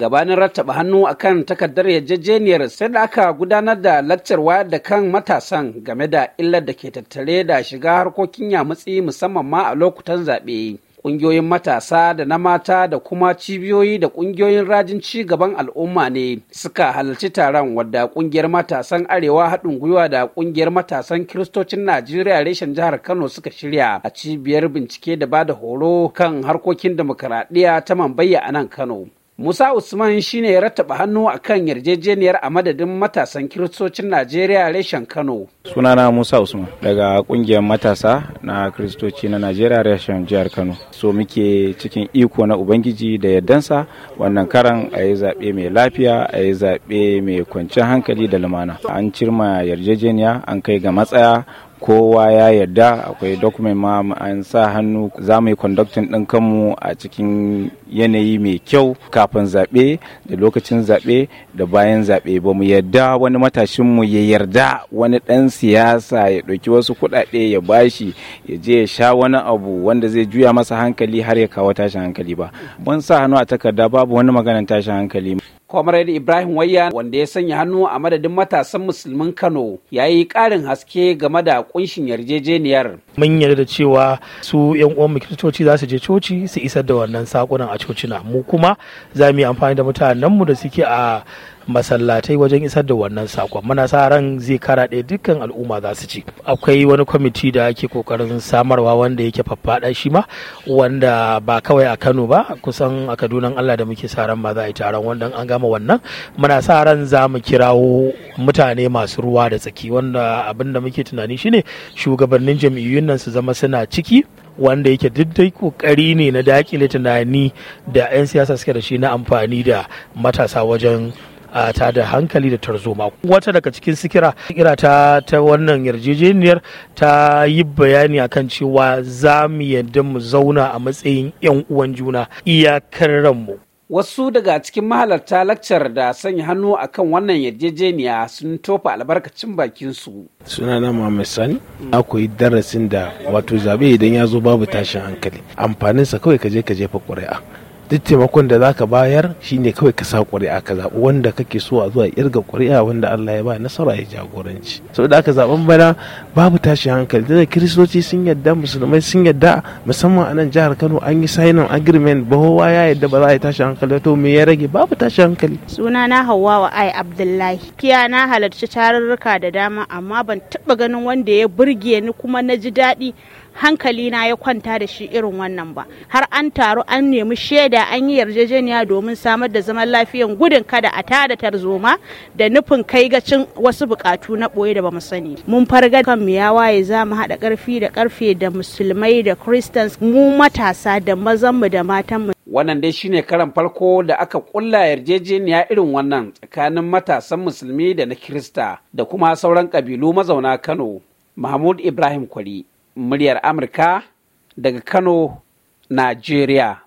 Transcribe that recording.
gabanin rattaba hannu a kan takardar yarjejeniyar sai da aka gudanar da laccar wayar da kan matasan game da illar da ke tattare da shiga harkokin yamutsi musamman ma a lokutan zaɓe. Ƙungiyoyin matasa da na mata da kuma cibiyoyi da ƙungiyoyin rajin ci gaban al'umma ne suka halarci taron wadda ƙungiyar matasan Arewa haɗin gwiwa da ƙungiyar matasan Kiristocin Najeriya reshen jihar Kano suka shirya a cibiyar bincike da bada horo kan harkokin dimokuraɗiya ta Mambayya a nan Kano. Musa Usman shine ya rattaba hannu a kan yarjejeniyar a madadin matasan kiristocin Najeriya reshen Kano. Sunana Musa Usman daga kungiyar matasa na kiristoci na Najeriya reshen jihar Kano. So muke cikin iko na Ubangiji da yardansa wannan karan a yi zaɓe mai lafiya a yi zaɓe mai kwanciyar hankali da lumana. An cirma yarjejeniya an kai ga matsaya kowa ya yarda akwai document ma an sa hannu za mu yi conducting ɗin kanmu a cikin yanayi mai kyau kafin zaɓe da lokacin zaɓe da bayan zaɓe ba mu yarda wani matashinmu ya yarda wani ɗan siyasa ya ɗauki wasu kuɗaɗe ya bashi ya je ya sha wani abu wanda zai juya masa hankali har ya kawo tashin hankali ba ban sa hannu a takarda babu wani maganar tashin hankali Comrade Ibrahim Wayya wanda ya sanya hannu a madadin matasan musulmin Kano ya yi ƙarin haske game da kunshin yarjejeniyar. Mun yarda da cewa su 'yan uwan coci za su je coci su isar da wannan sakunan a cocina mu kuma za mu yi amfani da mutanenmu da suke a masallatai wajen isar da wannan sakon muna sa ran zai kara karaɗe dukkan al'umma za su ci akwai wani kwamiti da ake kokarin samarwa wanda yake faffaɗa shi ma wanda ba kawai a kano ba kusan a kadunan allah da muke sa ran ma za a yi taron wanda an gama wannan muna sa ran za mu kirawo mutane masu ruwa da tsaki wanda abin da muke tunani shine shugabannin jam'iyyun nan su zama suna ciki wanda yake dai kokari ne na dakile tunani da 'yan siyasa suke da shi na amfani da matasa wajen a ta da hankali da tarzoma wata daga cikin sikira ira ta ta wannan yarjejeniyar ta yi bayani akan cewa za mu yadda mu zauna a matsayin 'yan uwan juna iyakar ranmu wasu daga cikin mahalarta lakcar da sanya hannu akan wannan yarjejeniya sun tofa albarkacin bakin bakinsu. na Muhammad Sani na koyi darasin da wato zabe idan ya zo babu tashin hankali amfaninsa kawai ka je ka jefa ƙuri'a duk taimakon da zaka bayar shine kawai ka sa ƙuri'a ka zaɓi wanda kake so a zuwa irga ƙuri'a wanda Allah ya ba nasara ya jagoranci saboda aka zaɓen bana babu tashi hankali da kiristoci sun yadda musulmai sun yadda musamman a nan jihar Kano an yi signing agreement ba kowa ya yadda ba za a yi tashi hankali to me ya rage babu tashi hankali suna na Hawwa Ai Abdullahi kiya na halarci tarurruka da dama amma ban taɓa ganin wanda ya burge ni kuma na ji daɗi hankali na ya kwanta da shi irin wannan ba har an taru an nemi shaida an yi yarjejeniya domin samar da zaman lafiyan gudun kada a tada tarzoma da nufin kai gacin wasu bukatu na boye da bamu sani mun farga kan mu ya waye za mu haɗa karfi da karfe da musulmai da christians mu matasa da mazanmu da matanmu wannan dai shine karan farko da aka kulla yarjejeniya irin wannan tsakanin matasan musulmi da na kirista da kuma sauran kabilu mazauna kano mahmud ibrahim kwari muryar Amurka daga Kano, Najeriya.